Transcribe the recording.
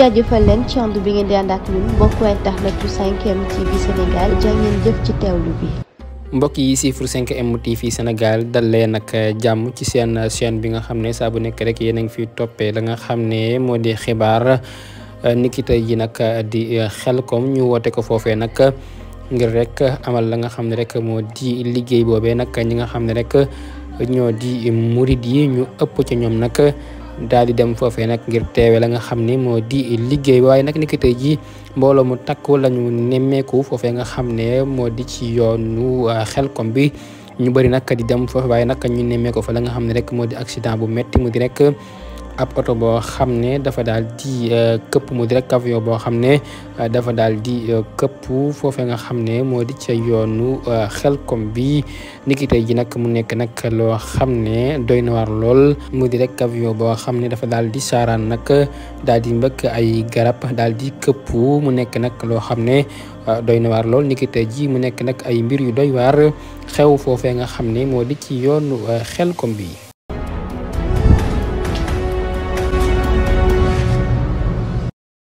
jaajëfal leen ci ànd bi ngeen di ànd ak ñun mbokku internetu 5M TV Sénégal jaa ngeen jëf ci teewlu bi. mbokk yi siifur 5M TV Sénégal dalee nag jàmm ci seen chaîne bi nga xam ne saa bu nekk rek yéen a ngi fi toppee la nga xam ne moo di xibaar niki tey ji nag di Xelcom ñu woote ko foofee nag ngir rek amal la nga xam ne rek moo di liggéey boobee nag ñi nga xam ne rek ñoo di murid yi ñu ëpp ci ñoom nag. daal di dem foofee nag ngir teewe la nga xam ne moo di liggéey waaye nag niki jii mbooloo mu takku lañu ñu nemmeeku foofe nga xam ne moo di ci yoonu ah, xelkom bi ñu bëri nag di dem foofu waaye nag ñu nemmeeku fa la nga xam ne rek moo di accident bu metti mu di rek. ab oto boo xam ne dafa daal di euh, këpp mu di rek avion boo xam ne euh, dafa daal di euh, këpp foofee nga xam ne moo di ca yoonu xelkom bi niki tey ji nag mu nekk nag xam ne doy na lool mu di rek boo xam ne dafa daal di saaraan nag daal di mbëkk ay garab daal di këpp mu nekk nag loo xam ne doy na waar lool niki tey mu nekk nag ay mbir yu doy waar xew foofee nga xam ne moo di ci yoonu xelkom bi